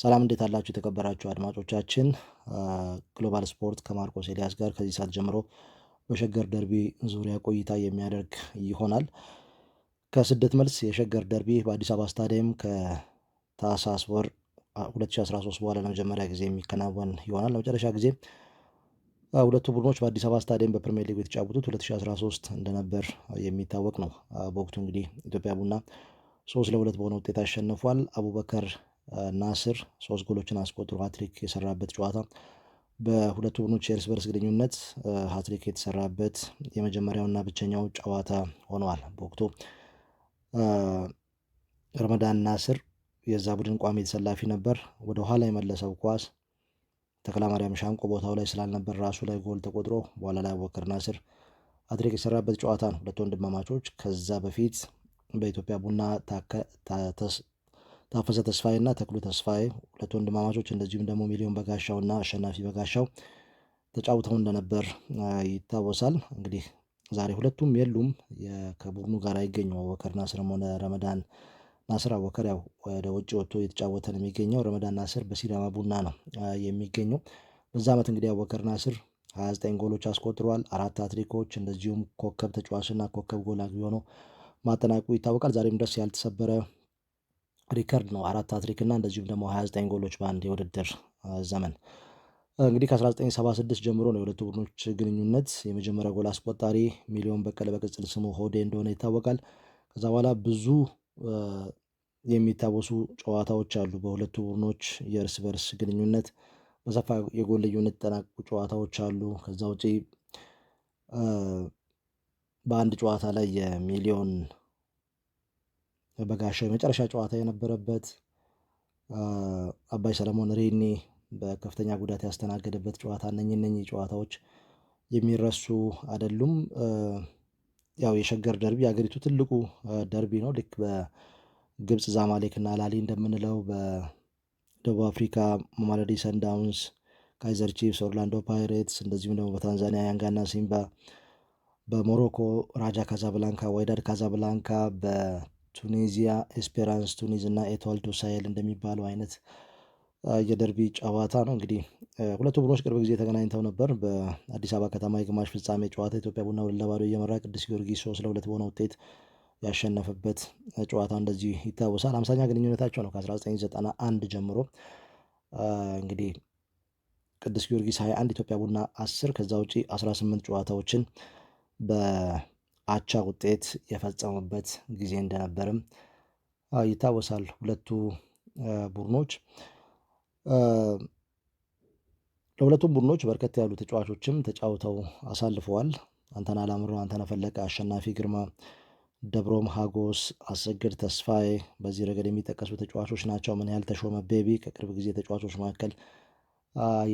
ሰላም እንዴት አላችሁ? የተከበራችሁ አድማጮቻችን ግሎባል ስፖርት ከማርቆስ ኤልያስ ጋር ከዚህ ሰዓት ጀምሮ በሸገር ደርቢ ዙሪያ ቆይታ የሚያደርግ ይሆናል። ከስደት መልስ የሸገር ደርቢ በአዲስ አበባ ስታዲየም ከታህሳስ ወር 2013 በኋላ ለመጀመሪያ ጊዜ የሚከናወን ይሆናል። ለመጨረሻ ጊዜ ሁለቱ ቡድኖች በአዲስ አበባ ስታዲየም በፕሪሚየር ሊግ የተጫወቱት 2013 እንደነበር የሚታወቅ ነው። በወቅቱ እንግዲህ ኢትዮጵያ ቡና ሶስት ለሁለት በሆነ ውጤት አሸንፏል። አቡበከር ናስር ሶስት ጎሎችን አስቆጥሮ ሀትሪክ የሰራበት ጨዋታ በሁለቱ ቡድኖች የእርስ በርስ ግንኙነት ሀትሪክ የተሰራበት የመጀመሪያውና ብቸኛው ጨዋታ ሆነዋል። በወቅቱ ረመዳን ናስር የዛ ቡድን ቋሚ ተሰላፊ ነበር። ወደ ኋላ የመለሰው ኳስ ተክላ ማርያም ሻንቆ ቦታው ላይ ስላልነበር ራሱ ላይ ጎል ተቆጥሮ በኋላ ላይ አቡበከር ናስር ሀትሪክ የሰራበት ጨዋታ ነው። ሁለት ወንድማማቾች ከዛ በፊት በኢትዮጵያ ቡና ታፈሰ ተስፋዬና ተክሉ ተስፋዬ ሁለት ወንድማማቾች እንደዚሁም ደግሞ ሚሊዮን በጋሻውና አሸናፊ በጋሻው ተጫውተው እንደነበር ይታወሳል። እንግዲህ ዛሬ ሁለቱም የሉም፣ ከቡድኑ ጋር አይገኙ። አቡበከር ናስርም ሆነ ረመዳን ናስር። አቡበከር ያው ወደ ውጭ ወጥቶ እየተጫወተ ነው የሚገኘው። ረመዳን ናስር በሲዳማ ቡና ነው የሚገኘው። በዛ ዓመት እንግዲህ አቡበከር ናስር 29 ጎሎች አስቆጥሯል። አራት አትሪኮች እንደዚሁም ኮከብ ተጫዋችና ኮከብ ጎል አግቢ ሆኖ ማጠናቀቁ ይታወቃል። ዛሬም ድረስ ያልተሰበረ ሪከርድ ነው። አራት ሀትሪክ እና እንደዚሁም ደግሞ 29 ጎሎች በአንድ የውድድር ዘመን እንግዲህ ከ1976 ጀምሮ ነው የሁለቱ ቡድኖች ግንኙነት። የመጀመሪያ ጎል አስቆጣሪ ሚሊዮን በቀለ በቅጽል ስሙ ሆዴ እንደሆነ ይታወቃል። ከዛ በኋላ ብዙ የሚታወሱ ጨዋታዎች አሉ። በሁለቱ ቡድኖች የእርስ በርስ ግንኙነት በሰፋ የጎል ልዩነት ተጠናቁ ጨዋታዎች አሉ። ከዛ ውጪ በአንድ ጨዋታ ላይ የሚሊዮን በጋሻው የመጨረሻ ጨዋታ የነበረበት አባይ ሰለሞን ሬኔ በከፍተኛ ጉዳት ያስተናገደበት ጨዋታ እነኝ እነኚህ ጨዋታዎች የሚረሱ አይደሉም። ያው የሸገር ደርቢ የሀገሪቱ ትልቁ ደርቢ ነው። ልክ በግብፅ ዛማሌክ እና ላሊ እንደምንለው በደቡብ አፍሪካ ማሜሎዲ ሰንዳውንስ፣ ካይዘር ቺፍስ፣ ኦርላንዶ ፓይሬትስ እንደዚሁም ደግሞ በታንዛኒያ ያንጋና ሲምባ፣ በሞሮኮ ራጃ ካዛብላንካ፣ ዋይዳድ ካዛብላንካ በ ቱኒዚያ ኤስፔራንስ ቱኒዝ እና ኤቷል ዱ ሳሄል እንደሚባለው አይነት የደርቢ ጨዋታ ነው። እንግዲህ ሁለቱ ቡድኖች ቅርብ ጊዜ ተገናኝተው ነበር። በአዲስ አበባ ከተማ የግማሽ ፍጻሜ ጨዋታ ኢትዮጵያ ቡና ሁለት ለባዶ እየመራ ቅዱስ ጊዮርጊስ ሶስት ለሁለት በሆነ ውጤት ያሸነፈበት ጨዋታ እንደዚህ ይታወሳል። አምሳኛ ግንኙነታቸው ነው ከ1991 ጀምሮ እንግዲህ ቅዱስ ጊዮርጊስ 21 ኢትዮጵያ ቡና 10 ከዛ ውጪ 18 ጨዋታዎችን በ አቻ ውጤት የፈጸሙበት ጊዜ እንደነበርም ይታወሳል። ሁለቱ ቡድኖች ለሁለቱም ቡድኖች በርከት ያሉ ተጫዋቾችም ተጫውተው አሳልፈዋል። አንተና ላምሮ፣ አንተነ ፈለቀ፣ አሸናፊ ግርማ፣ ደብሮም ሀጎስ፣ አሰግድ ተስፋዬ በዚህ ረገድ የሚጠቀሱ ተጫዋቾች ናቸው። ምን ያህል ተሾመ ቤቢ ከቅርብ ጊዜ ተጫዋቾች መካከል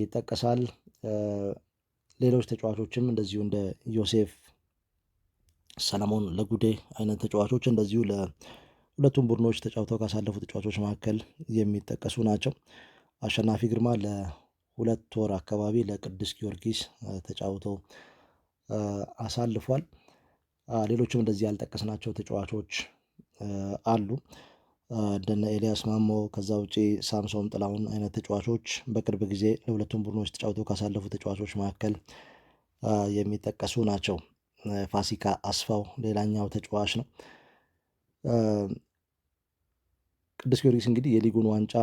ይጠቀሳል። ሌሎች ተጫዋቾችም እንደዚሁ እንደ ዮሴፍ ሰለሞን ለጉዴ አይነት ተጫዋቾች እንደዚሁ ለሁለቱም ቡድኖች ተጫውተው ካሳለፉ ተጫዋቾች መካከል የሚጠቀሱ ናቸው። አሸናፊ ግርማ ለሁለት ወር አካባቢ ለቅዱስ ጊዮርጊስ ተጫውቶ አሳልፏል። ሌሎችም እንደዚህ ያልጠቀስናቸው ተጫዋቾች አሉ እንደነ ኤልያስ ማሞ፣ ከዛ ውጪ ሳምሶን ጥላሁን አይነት ተጫዋቾች በቅርብ ጊዜ ለሁለቱም ቡድኖች ተጫውተው ካሳለፉ ተጫዋቾች መካከል የሚጠቀሱ ናቸው። ፋሲካ አስፋው ሌላኛው ተጫዋች ነው። ቅዱስ ጊዮርጊስ እንግዲህ የሊጉን ዋንጫ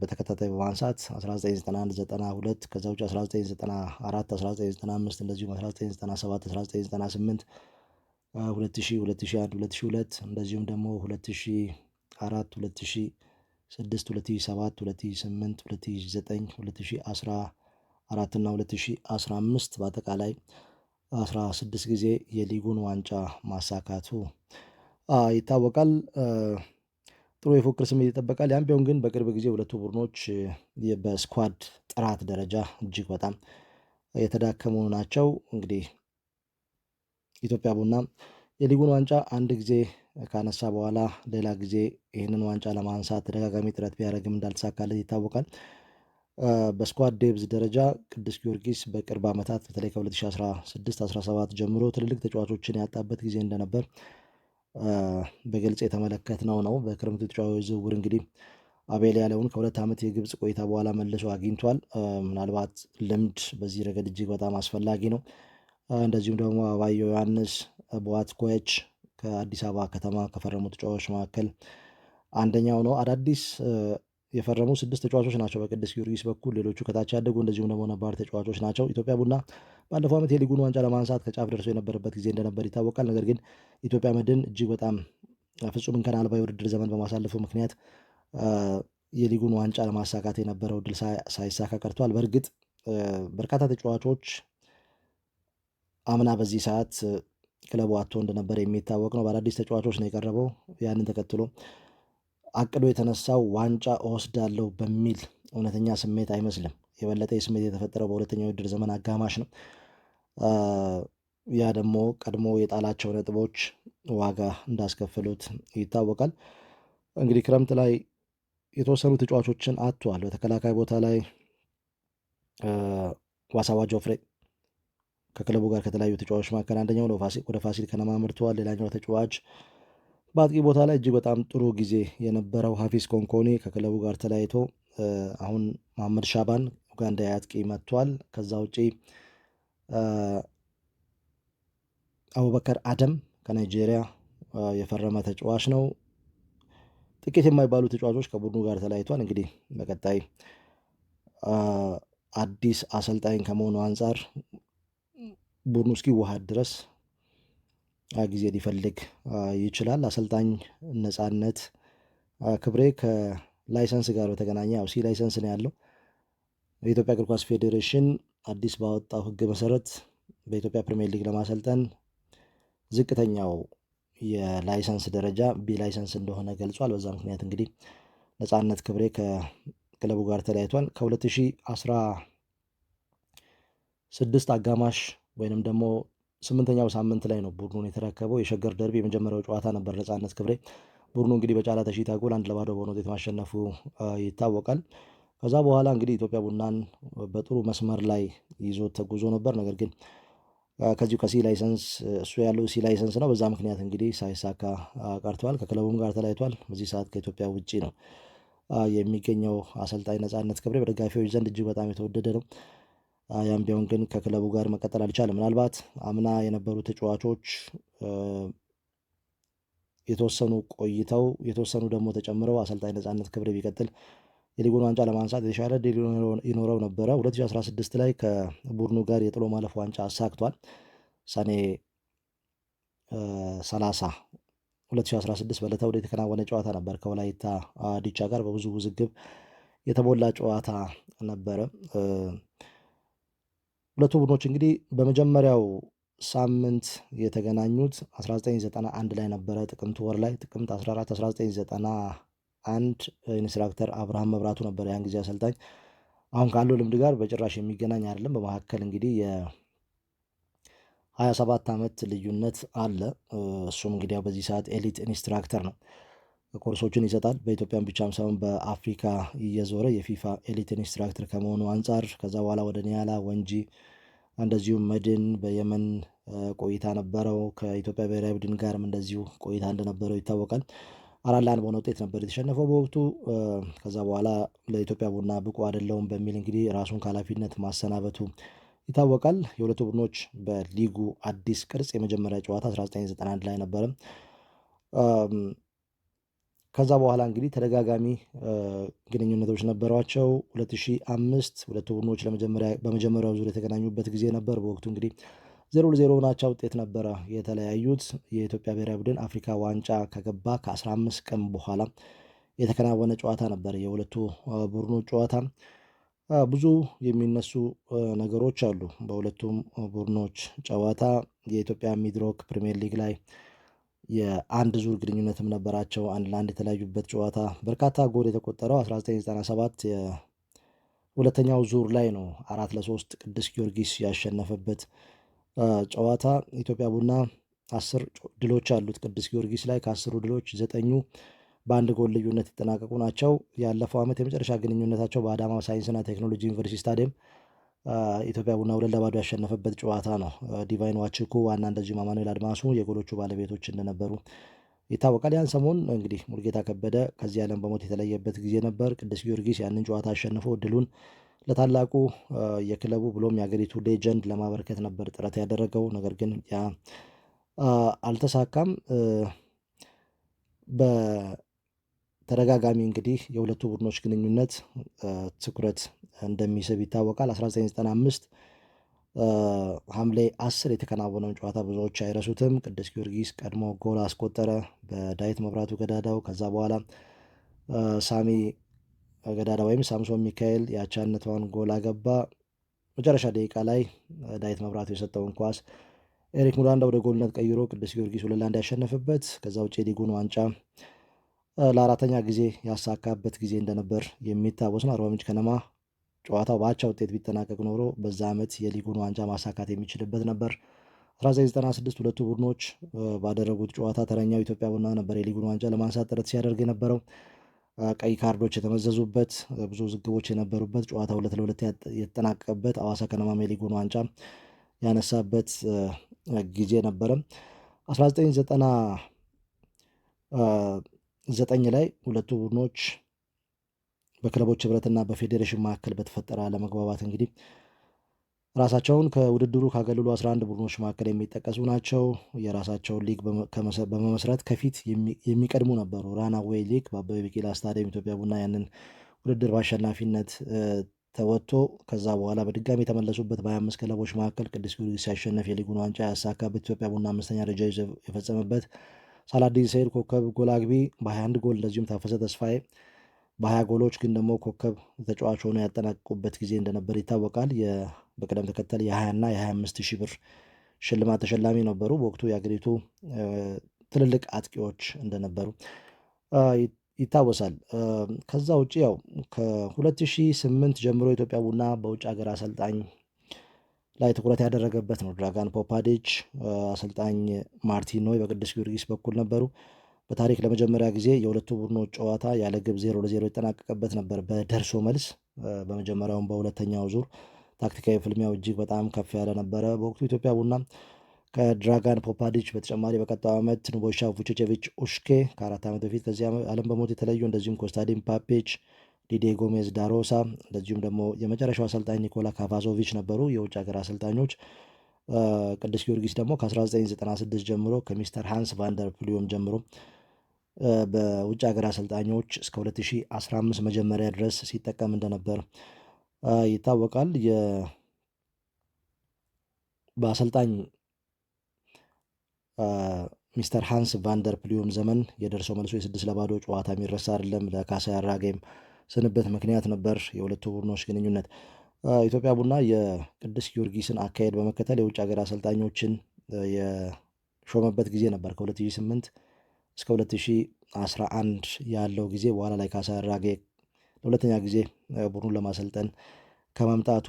በተከታታይ በማንሳት 1991፣ ከዛ ውጭ 1994፣ 1995 እንደዚሁም 1997፣ 1998፣ 2000፣ 2001፣ 2002 እንደዚሁም ደግሞ 2004፣ 2006፣ 2007፣ 2008፣ 2009፣ 2014 እና 2015 በአጠቃላይ አስራ ስድስት ጊዜ የሊጉን ዋንጫ ማሳካቱ ይታወቃል። ጥሩ የፉክክር ስሜት ይጠበቃል። ያም ቢሆን ግን በቅርብ ጊዜ ሁለቱ ቡድኖች በስኳድ ጥራት ደረጃ እጅግ በጣም የተዳከሙ ናቸው። እንግዲህ ኢትዮጵያ ቡና የሊጉን ዋንጫ አንድ ጊዜ ካነሳ በኋላ ሌላ ጊዜ ይህንን ዋንጫ ለማንሳት ተደጋጋሚ ጥረት ቢያደርግም እንዳልተሳካለት ይታወቃል። በስኳድ ዴብዝ ደረጃ ቅዱስ ጊዮርጊስ በቅርብ ዓመታት በተለይ ከ2016 17 ጀምሮ ትልልቅ ተጫዋቾችን ያጣበት ጊዜ እንደነበር በግልጽ የተመለከትነው ነው። በክረምቱ ተጫዋቾች ዝውውር እንግዲህ አቤል ያለውን ከሁለት ዓመት የግብፅ ቆይታ በኋላ መልሶ አግኝቷል። ምናልባት ልምድ በዚህ ረገድ እጅግ በጣም አስፈላጊ ነው። እንደዚሁም ደግሞ አባየሁ ዮሐንስ፣ ቦአት ኮች ከአዲስ አበባ ከተማ ከፈረሙ ተጫዋቾች መካከል አንደኛው ነው። አዳዲስ የፈረሙ ስድስት ተጫዋቾች ናቸው በቅዱስ ጊዮርጊስ በኩል ሌሎቹ ከታች ያደጉ እንደዚሁም ደግሞ ነባር ተጫዋቾች ናቸው። ኢትዮጵያ ቡና ባለፈው ዓመት የሊጉን ዋንጫ ለማንሳት ከጫፍ ደርሶ የነበረበት ጊዜ እንደነበር ይታወቃል። ነገር ግን ኢትዮጵያ መድን እጅግ በጣም ፍጹም እንከን አልባ የውድድር ዘመን በማሳለፉ ምክንያት የሊጉን ዋንጫ ለማሳካት የነበረው ድል ሳይሳካ ቀርቷል። በእርግጥ በርካታ ተጫዋቾች አምና በዚህ ሰዓት ክለቡ አቶ እንደነበረ የሚታወቅ ነው። በአዳዲስ ተጫዋቾች ነው የቀረበው ያንን ተከትሎ አቅዶ የተነሳው ዋንጫ እወስዳለሁ በሚል እውነተኛ ስሜት አይመስልም። የበለጠ ስሜት የተፈጠረው በሁለተኛው ውድድር ዘመን አጋማሽ ነው። ያ ደግሞ ቀድሞ የጣላቸው ነጥቦች ዋጋ እንዳስከፈሉት ይታወቃል። እንግዲህ ክረምት ላይ የተወሰኑ ተጫዋቾችን አጥቷል። በተከላካይ ቦታ ላይ ዋሳዋ ጆፍሬ ከክለቡ ጋር ከተለያዩ ተጫዋቾች መካከል አንደኛው ነው። ወደ ፋሲል ከነማ ምርተዋል። ሌላኛው ተጫዋች በአጥቂ ቦታ ላይ እጅግ በጣም ጥሩ ጊዜ የነበረው ሀፊዝ ኮንኮኒ ከክለቡ ጋር ተለያይቶ አሁን መሐመድ ሻባን ኡጋንዳ አጥቂ መጥቷል። ከዛ ውጪ አቡበከር አደም ከናይጄሪያ የፈረመ ተጫዋች ነው። ጥቂት የማይባሉ ተጫዋቾች ከቡድኑ ጋር ተለያይቷል። እንግዲህ በቀጣይ አዲስ አሰልጣኝ ከመሆኑ አንጻር ቡድኑ እስኪዋሃድ ድረስ ጊዜ ሊፈልግ ይችላል። አሰልጣኝ ነጻነት ክብሬ ከላይሰንስ ጋር በተገናኘ ያው ሲ ላይሰንስ ነው ያለው። የኢትዮጵያ እግር ኳስ ፌዴሬሽን አዲስ ባወጣው ሕግ መሰረት በኢትዮጵያ ፕሪሚየር ሊግ ለማሰልጠን ዝቅተኛው የላይሰንስ ደረጃ ቢ ላይሰንስ እንደሆነ ገልጿል። በዛ ምክንያት እንግዲህ ነጻነት ክብሬ ከክለቡ ጋር ተለያይቷል። ከ2016 አጋማሽ ወይንም ደግሞ ስምንተኛው ሳምንት ላይ ነው ቡድኑን የተረከበው። የሸገር ደርቢ የመጀመሪያው ጨዋታ ነበር ነጻነት ክብሬ። ቡድኑ እንግዲህ በጫላ ተሽታ ጎል አንድ ለባዶ በሆነ ውጤት ማሸነፉ ይታወቃል። ከዛ በኋላ እንግዲህ ኢትዮጵያ ቡናን በጥሩ መስመር ላይ ይዞ ተጉዞ ነበር። ነገር ግን ከዚሁ ከሲ ላይሰንስ እሱ ያለው ሲ ላይሰንስ ነው። በዛ ምክንያት እንግዲህ ሳይሳካ ቀርተዋል። ከክለቡም ጋር ተለያይቷል። በዚህ ሰዓት ከኢትዮጵያ ውጭ ነው የሚገኘው አሰልጣኝ ነጻነት ክብሬ በደጋፊዎች ዘንድ እጅግ በጣም የተወደደ ነው። ያም ቢሆን ግን ከክለቡ ጋር መቀጠል አልቻለም። ምናልባት አምና የነበሩ ተጫዋቾች የተወሰኑ ቆይተው የተወሰኑ ደግሞ ተጨምረው አሰልጣኝ ነጻነት ክብር ቢቀጥል የሊጉን ዋንጫ ለማንሳት የተሻለ ድል ይኖረው ነበረ። 2016 ላይ ከቡድኑ ጋር የጥሎ ማለፍ ዋንጫ አሳክቷል። ሰኔ 30 2016 በለተ ወደ የተከናወነ ጨዋታ ነበር ከወላይታ ዲቻ ጋር በብዙ ውዝግብ የተሞላ ጨዋታ ነበረ። ሁለቱ ቡድኖች እንግዲህ በመጀመሪያው ሳምንት የተገናኙት 1991 ላይ ነበረ። ጥቅምት ወር ላይ ጥቅምት 14 1991 ኢንስትራክተር አብርሃም መብራቱ ነበረ ያን ጊዜ አሰልጣኝ። አሁን ካለው ልምድ ጋር በጭራሽ የሚገናኝ አይደለም። በመካከል እንግዲህ የ27 ዓመት ልዩነት አለ። እሱም እንግዲያው በዚህ ሰዓት ኤሊት ኢንስትራክተር ነው። ኮርሶችን ይሰጣል። በኢትዮጵያን ብቻም ሳይሆን በአፍሪካ እየዞረ የፊፋ ኤሊት ኢንስትራክተር ከመሆኑ አንጻር ከዛ በኋላ ወደ ኒያላ ወንጂ፣ እንደዚሁም መድን በየመን ቆይታ ነበረው። ከኢትዮጵያ ብሔራዊ ቡድን ጋርም እንደዚሁ ቆይታ እንደነበረው ይታወቃል። አራት ለአንድ በሆነ ውጤት ነበር የተሸነፈው በወቅቱ። ከዛ በኋላ ለኢትዮጵያ ቡና ብቁ አይደለውም በሚል እንግዲህ ራሱን ከኃላፊነት ማሰናበቱ ይታወቃል። የሁለቱ ቡድኖች በሊጉ አዲስ ቅርጽ የመጀመሪያ ጨዋታ 1991 ላይ ነበረም። ከዛ በኋላ እንግዲህ ተደጋጋሚ ግንኙነቶች ነበሯቸው። 2005 ሁለቱ ቡድኖች በመጀመሪያው ዙር የተገናኙበት ጊዜ ነበር። በወቅቱ እንግዲህ ዜሮ ለዜሮ ናቻ ውጤት ነበረ የተለያዩት። የኢትዮጵያ ብሔራዊ ቡድን አፍሪካ ዋንጫ ከገባ ከ15 ቀን በኋላ የተከናወነ ጨዋታ ነበር የሁለቱ ቡድኖች ጨዋታ። ብዙ የሚነሱ ነገሮች አሉ በሁለቱም ቡድኖች ጨዋታ። የኢትዮጵያ ሚድሮክ ፕሪሚየር ሊግ ላይ የአንድ ዙር ግንኙነትም ነበራቸው። አንድ ለአንድ የተለያዩበት ጨዋታ በርካታ ጎል የተቆጠረው 1997 ሁለተኛው ዙር ላይ ነው። አራት ለሶስት ቅዱስ ጊዮርጊስ ያሸነፈበት ጨዋታ ኢትዮጵያ ቡና አስር ድሎች አሉት ቅዱስ ጊዮርጊስ ላይ ከአስሩ ድሎች ዘጠኙ በአንድ ጎል ልዩነት የተጠናቀቁ ናቸው። ያለፈው ዓመት የመጨረሻ ግንኙነታቸው በአዳማ ሳይንስና ቴክኖሎጂ ዩኒቨርሲቲ ስታዲየም ኢትዮጵያ ቡና ሁለት ለባዶ ያሸነፈበት ጨዋታ ነው። ዲቫይን ዋችኩ ዋና እንደዚሁም አማኑኤል አድማሱ የጎሎቹ ባለቤቶች እንደነበሩ ይታወቃል። ያን ሰሞን እንግዲህ ሙልጌታ ከበደ ከዚህ ዓለም በሞት የተለየበት ጊዜ ነበር። ቅዱስ ጊዮርጊስ ያንን ጨዋታ አሸንፎ እድሉን ለታላቁ የክለቡ ብሎም የአገሪቱ ሌጀንድ ለማበረከት ነበር ጥረት ያደረገው። ነገር ግን ያ አልተሳካም። በተደጋጋሚ እንግዲህ የሁለቱ ቡድኖች ግንኙነት ትኩረት እንደሚስብ ይታወቃል። 1995 ሐምሌ 10 የተከናወነውን ጨዋታ ብዙዎች አይረሱትም። ቅዱስ ጊዮርጊስ ቀድሞ ጎል አስቆጠረ በዳዊት መብራቱ ገዳዳው። ከዛ በኋላ ሳሚ ገዳዳ ወይም ሳምሶን ሚካኤል የአቻነቷን ጎል አገባ። መጨረሻ ደቂቃ ላይ ዳዊት መብራቱ የሰጠውን ኳስ ኤሪክ ሙላንዳ ወደ ጎልነት ቀይሮ ቅዱስ ጊዮርጊስ ሁለት ለአንድ ያሸነፈበት ከዛ ውጭ ሊጉን ዋንጫ ለአራተኛ ጊዜ ያሳካበት ጊዜ እንደነበር የሚታወስ ነው። አርባ ምንጭ ከነማ ጨዋታው በአቻ ውጤት ቢጠናቀቅ ኖሮ በዛ ዓመት የሊጉን ዋንጫ ማሳካት የሚችልበት ነበር። 1996 ሁለቱ ቡድኖች ባደረጉት ጨዋታ ተረኛው ኢትዮጵያ ቡና ነበር የሊጉን ዋንጫ ለማንሳት ጥረት ሲያደርግ የነበረው። ቀይ ካርዶች የተመዘዙበት፣ ብዙ ዝግቦች የነበሩበት ጨዋታ ሁለት ለሁለት የተጠናቀቀበት አዋሳ ከነማም የሊጉን ዋንጫ ያነሳበት ጊዜ ነበረ። 1999 ላይ ሁለቱ ቡድኖች በክለቦች ህብረትና በፌዴሬሽን መካከል በተፈጠረ አለመግባባት እንግዲህ ራሳቸውን ከውድድሩ ካገለሉ 11 ቡድኖች መካከል የሚጠቀሱ ናቸው። የራሳቸውን ሊግ በመመስረት ከፊት የሚቀድሙ ነበሩ። ራናዌይ ሊግ በአበበ ቢቂላ ስታዲየም ኢትዮጵያ ቡና ያንን ውድድር በአሸናፊነት ተወጥቶ ከዛ በኋላ በድጋሚ የተመለሱበት በ25 ክለቦች መካከል ቅዱስ ጊዮርጊስ ሲያሸነፍ የሊጉን ዋንጫ ያሳካበት ኢትዮጵያ ቡና አምስተኛ ደረጃ ይዞ የፈጸመበት ሳላዲን ሰይድ ኮከብ ጎል አግቢ በ21 ጎል እንደዚሁም ታፈሰ ተስፋዬ በሀያ ጎሎች ግን ደግሞ ኮከብ ተጫዋች ሆኖ ያጠናቀቁበት ጊዜ እንደነበር ይታወቃል። በቅደም ተከተል የ20ና የ25 ሺህ ብር ሽልማት ተሸላሚ ነበሩ። በወቅቱ የአገሪቱ ትልልቅ አጥቂዎች እንደነበሩ ይታወሳል። ከዛ ውጭ ያው ከ2008 ጀምሮ ኢትዮጵያ ቡና በውጭ ሀገር አሰልጣኝ ላይ ትኩረት ያደረገበት ነው። ድራጋን ፖፓዴጅ አሰልጣኝ ማርቲን ኖይ በቅዱስ ጊዮርጊስ በኩል ነበሩ። በታሪክ ለመጀመሪያ ጊዜ የሁለቱ ቡድኖች ጨዋታ ያለ ግብ ዜሮ ለዜሮ የጠናቀቀበት ነበር በደርሶ መልስ። በመጀመሪያውም በሁለተኛው ዙር ታክቲካዊ ፍልሚያው እጅግ በጣም ከፍ ያለ ነበረ። በወቅቱ ኢትዮጵያ ቡና ከድራጋን ፖፓዲች በተጨማሪ በቀጣው ዓመት ኑቦሻ ቩቼቼቪች ኡሽኬ ከአራት ዓመት በፊት ከዚህ ዓለም በሞት የተለዩ እንደዚሁም ኮስታዲን ፓፔች፣ ዲዴ ጎሜዝ ዳሮሳ እንደዚሁም ደግሞ የመጨረሻው አሰልጣኝ ኒኮላ ካቫዞቪች ነበሩ የውጭ ሀገር አሰልጣኞች። ቅዱስ ጊዮርጊስ ደግሞ ከ1996 ጀምሮ ከሚስተር ሃንስ ቫንደር ፕሊዮም ጀምሮ በውጭ ሀገር አሰልጣኞች እስከ 2015 መጀመሪያ ድረስ ሲጠቀም እንደነበር ይታወቃል። በአሰልጣኝ ሚስተር ሃንስ ቫንደር ፕሊዮም ዘመን የደርሶ መልሶ የስድስት ለባዶ ጨዋታ የሚረሳ አይደለም። ለካሳ ያራጌም ስንበት ምክንያት ነበር የሁለቱ ቡድኖች ግንኙነት። ኢትዮጵያ ቡና የቅዱስ ጊዮርጊስን አካሄድ በመከተል የውጭ ሀገር አሰልጣኞችን የሾመበት ጊዜ ነበር ከ2008 እስከ 2011 ያለው ጊዜ በኋላ ላይ ካሳራጌ ለሁለተኛ ጊዜ ቡድኑን ለማሰልጠን ከመምጣቱ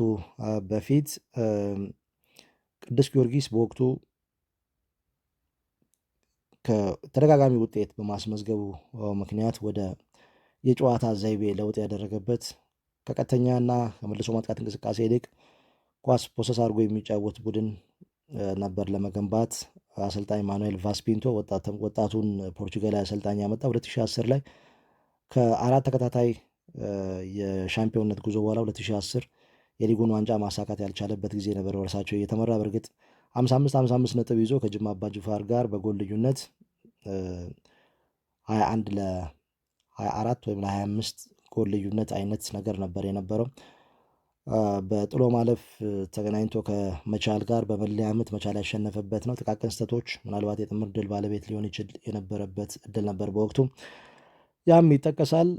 በፊት ቅዱስ ጊዮርጊስ በወቅቱ ከተደጋጋሚ ውጤት በማስመዝገቡ ምክንያት ወደ የጨዋታ ዘይቤ ለውጥ ያደረገበት ከቀጥተኛና ከመልሶ ማጥቃት እንቅስቃሴ ይልቅ ኳስ ፖሰስ አድርጎ የሚጫወት ቡድን ነበር ለመገንባት አሰልጣኝ ማኑኤል ቫስፒንቶ ወጣቱን ፖርቹጋላዊ አሰልጣኝ ያመጣ 2010 ላይ ከአራት ተከታታይ የሻምፒዮንነት ጉዞ በኋላ 2010 የሊጉን ዋንጫ ማሳካት ያልቻለበት ጊዜ ነበር በርሳቸው እየተመራ በእርግጥ 55 55 ነጥብ ይዞ ከጅማ አባጅፋር ጋር በጎል ልዩነት 21 ለ24 ወይም ለ25 ጎል ልዩነት አይነት ነገር ነበር የነበረው። በጥሎ ማለፍ ተገናኝቶ ከመቻል ጋር በመለያ ምት መቻል ያሸነፈበት ነው። ጥቃቅን ስህተቶች ምናልባት የጥምር ድል ባለቤት ሊሆን ይችል የነበረበት እድል ነበር በወቅቱ ያም ይጠቀሳል።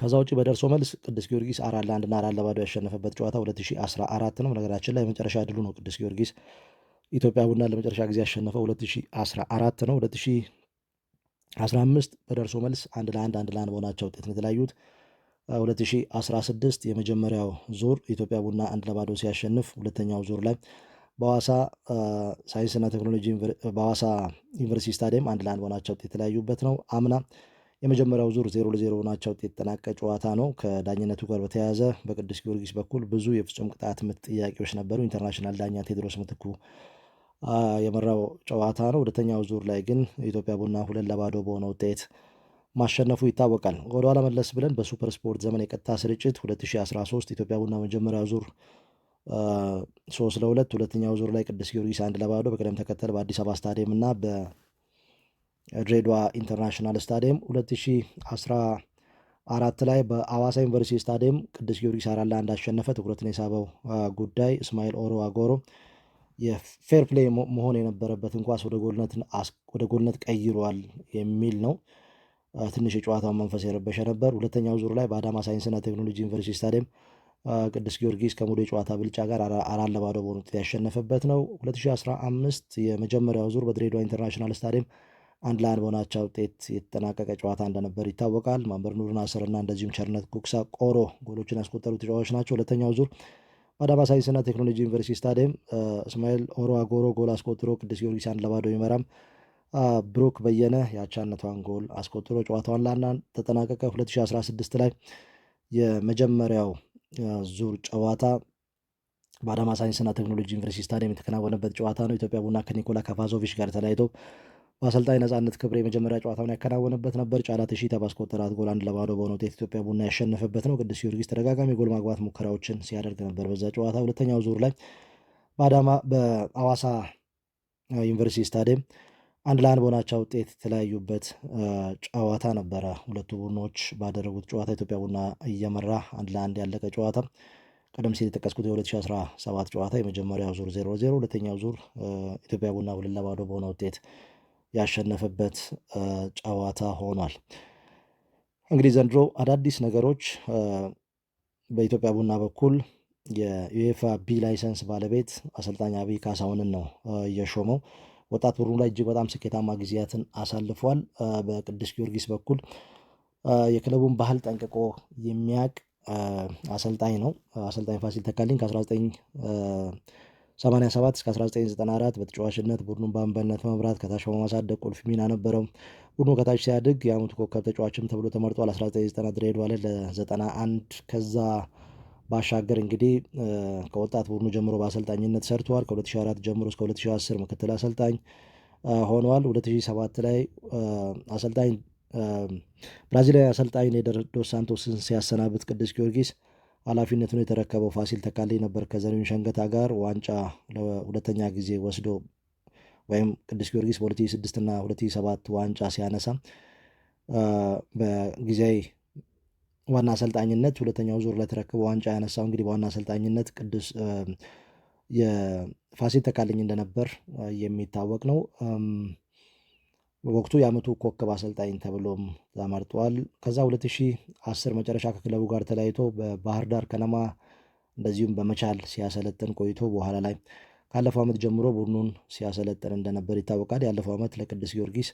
ከዛ ውጭ በደርሶ መልስ ቅዱስ ጊዮርጊስ አራት ለአንድና አራት ለባዶ ያሸነፈበት ጨዋታ 2014 ነው። ነገራችን ላይ የመጨረሻ ድሉ ነው ቅዱስ ጊዮርጊስ ኢትዮጵያ ቡና ለመጨረሻ ጊዜ ያሸነፈው 2014 ነው። 2015 በደርሶ መልስ አንድ ለአንድ አንድ ለአንድ በሆናቸው ውጤት ነው የተለያዩት። 2016 የመጀመሪያው ዙር ኢትዮጵያ ቡና አንድ ለባዶ ሲያሸንፍ ሁለተኛው ዙር ላይ በሐዋሳ ሳይንስና ቴክኖሎጂ በሐዋሳ ዩኒቨርሲቲ ስታዲየም አንድ ለአንድ በሆናቸው ውጤት የተለያዩበት ነው። አምና የመጀመሪያው ዙር ዜሮ ለዜሮ በሆናቸው ውጤት የተጠናቀቀ ጨዋታ ነው። ከዳኝነቱ ጋር በተያያዘ በቅዱስ ጊዮርጊስ በኩል ብዙ የፍጹም ቅጣት ምት ጥያቄዎች ነበሩ። ኢንተርናሽናል ዳኛ ቴድሮስ ምትኩ የመራው ጨዋታ ነው። ሁለተኛው ዙር ላይ ግን ኢትዮጵያ ቡና ሁለት ለባዶ በሆነ ውጤት ማሸነፉ ይታወቃል። ወደኋላ መለስ ብለን በሱፐር ስፖርት ዘመን የቀጥታ ስርጭት 2013 ኢትዮጵያ ቡና መጀመሪያ ዙር ሶስት ለሁለት ሁለተኛው ዙር ላይ ቅዱስ ጊዮርጊስ አንድ ለባዶ በቅደም ተከተል በአዲስ አበባ ስታዲየም እና በድሬዳዋ ኢንተርናሽናል ስታዲየም 2014 ላይ በአዋሳ ዩኒቨርሲቲ ስታዲየም ቅዱስ ጊዮርጊስ አራት ለአንድ አሸነፈ። ትኩረትን የሳበው ጉዳይ እስማኤል ኦሮ አጎሮ የፌር ፕሌይ መሆን የነበረበትን ኳስ ወደ ጎልነት ቀይሯል የሚል ነው። ትንሽ የጨዋታውን መንፈስ የረበሸ ነበር። ሁለተኛው ዙር ላይ በአዳማ ሳይንስና ቴክኖሎጂ ዩኒቨርሲቲ ስታዲየም ቅዱስ ጊዮርጊስ ከሙሉ የጨዋታ ብልጫ ጋር አራት ለባዶ በሆነ ውጤት ያሸነፈበት ነው። 2015 የመጀመሪያው ዙር በድሬዳዋ ኢንተርናሽናል ስታዲየም አንድ ለአንድ በሆነ አቻ ውጤት የተጠናቀቀ ጨዋታ እንደነበር ይታወቃል። ማንበር ኑር ናስርና እንደዚሁም ቸርነት ጉግሳ ቆሮ ጎሎችን ያስቆጠሩ ተጫዋቾች ናቸው። ሁለተኛው ዙር በአዳማ ሳይንስና ቴክኖሎጂ ዩኒቨርሲቲ ስታዲየም እስማኤል ኦሮ አጎሮ ጎል አስቆጥሮ ቅዱስ ጊዮርጊስ አንድ ለባዶ ይመራም ብሩክ በየነ የአቻነቷን ጎል አስቆጥሮ ጨዋታዋን ላና ተጠናቀቀ። 2016 ላይ የመጀመሪያው ዙር ጨዋታ በአዳማ ሳይንስና ቴክኖሎጂ ዩኒቨርሲቲ ስታዲየም የተከናወነበት ጨዋታ ነው። ኢትዮጵያ ቡና ከኒኮላ ካቫዞቪች ጋር ተለያይቶ በአሰልጣኝ ነጻነት ክብር የመጀመሪያ ጨዋታውን ያከናወነበት ነበር። ጫላ ተሺታ ባስቆጠራት ጎል አንድ ለባዶ በሆነ ውጤት ኢትዮጵያ ቡና ያሸነፈበት ነው። ቅዱስ ጊዮርጊስ ተደጋጋሚ ጎል ማግባት ሙከራዎችን ሲያደርግ ነበር በዛ ጨዋታ። ሁለተኛው ዙር ላይ በአዳማ በአዋሳ ዩኒቨርሲቲ ስታዲየም አንድ ለአንድ በሆናቸው ውጤት የተለያዩበት ጨዋታ ነበረ። ሁለቱ ቡድኖች ባደረጉት ጨዋታ ኢትዮጵያ ቡና እየመራ አንድ ለአንድ ያለቀ ጨዋታ ቀደም ሲል የጠቀስኩት የ2017 ጨዋታ የመጀመሪያው ዙር 00፣ ሁለተኛው ዙር ኢትዮጵያ ቡና ሁለት ለባዶ በሆነ ውጤት ያሸነፈበት ጨዋታ ሆኗል። እንግዲህ ዘንድሮ አዳዲስ ነገሮች በኢትዮጵያ ቡና በኩል የዩኤፋ ቢ ላይሰንስ ባለቤት አሰልጣኝ አብይ ካሳሁንን ነው እየሾመው ወጣት ቡድኑ ላይ እጅግ በጣም ስኬታማ ጊዜያትን አሳልፏል። በቅዱስ ጊዮርጊስ በኩል የክለቡን ባህል ጠንቅቆ የሚያውቅ አሰልጣኝ ነው። አሰልጣኝ ፋሲል ተካልኝ ከ1987 እስከ 1994 በተጫዋችነት ቡድኑን በአምበልነት መምራት ከታች በማሳደግ ቁልፍ ሚና ነበረው። ቡድኑ ከታች ሲያድግ የአመቱ ኮከብ ተጫዋችም ተብሎ ተመርጧል። 1990 ድሬዳዋ ላይ ለ91 ከዛ ባሻገር እንግዲህ ከወጣት ቡድኑ ጀምሮ በአሰልጣኝነት ሰርተዋል። ከ2004 ጀምሮ እስከ 2010 ምክትል አሰልጣኝ ሆኗል 2007 ላይ አሰልጣኝ ብራዚላዊ አሰልጣኝ ኔይደር ዶስ ሳንቶስን ሲያሰናብት ቅዱስ ጊዮርጊስ ኃላፊነቱን የተረከበው ፋሲል ተካልኝ ነበር። ከዘሪሁን ሸንገታ ጋር ዋንጫ ለሁለተኛ ጊዜ ወስዶ ወይም ቅዱስ ጊዮርጊስ በ2006 እና 2007 ዋንጫ ሲያነሳ በጊዜያዊ ዋና አሰልጣኝነት ሁለተኛው ዙር ላይ ዋንጫ ያነሳው እንግዲህ በዋና አሰልጣኝነት ቅዱስ የፋሲል ተካልኝ እንደነበር የሚታወቅ ነው። በወቅቱ የአመቱ ኮከብ አሰልጣኝ ተብሎም ተመርጧል። ከዛ 2010 መጨረሻ ከክለቡ ጋር ተለያይቶ በባህር ዳር ከነማ እንደዚሁም በመቻል ሲያሰለጥን ቆይቶ በኋላ ላይ ካለፈው ዓመት ጀምሮ ቡድኑን ሲያሰለጥን እንደነበር ይታወቃል። ያለፈው ዓመት ለቅዱስ ጊዮርጊስ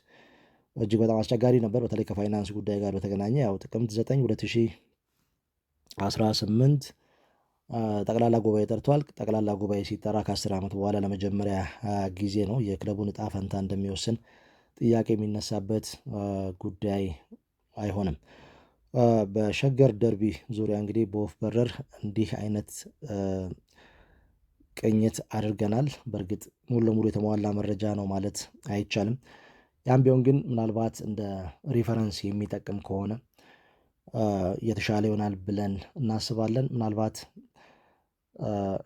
እጅግ በጣም አስቸጋሪ ነበር። በተለይ ከፋይናንስ ጉዳይ ጋር በተገናኘ ያው ጥቅምት 9 2018 ጠቅላላ ጉባኤ ጠርቷል። ጠቅላላ ጉባኤ ሲጠራ ከአስር ዓመት በኋላ ለመጀመሪያ ጊዜ ነው። የክለቡን እጣ ፈንታ እንደሚወስን ጥያቄ የሚነሳበት ጉዳይ አይሆንም። በሸገር ደርቢ ዙሪያ እንግዲህ በወፍ በረር እንዲህ አይነት ቅኝት አድርገናል። በእርግጥ ሙሉ ለሙሉ የተሟላ መረጃ ነው ማለት አይቻልም። ያም ቢሆን ግን ምናልባት እንደ ሪፈረንስ የሚጠቅም ከሆነ የተሻለ ይሆናል ብለን እናስባለን። ምናልባት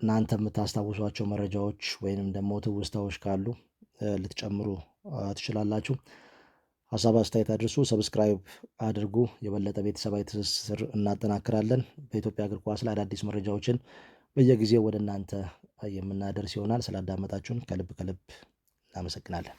እናንተ የምታስታውሷቸው መረጃዎች ወይንም ደግሞ ትውስታዎች ካሉ ልትጨምሩ ትችላላችሁ። ሀሳብ አስተያየት አድርሱ። ሰብስክራይብ አድርጉ። የበለጠ ቤተሰባዊ ትስስር እናጠናክራለን። በኢትዮጵያ እግር ኳስ ላይ አዳዲስ መረጃዎችን በየጊዜው ወደ እናንተ የምናደርስ ይሆናል። ስላዳመጣችሁን ከልብ ከልብ እናመሰግናለን።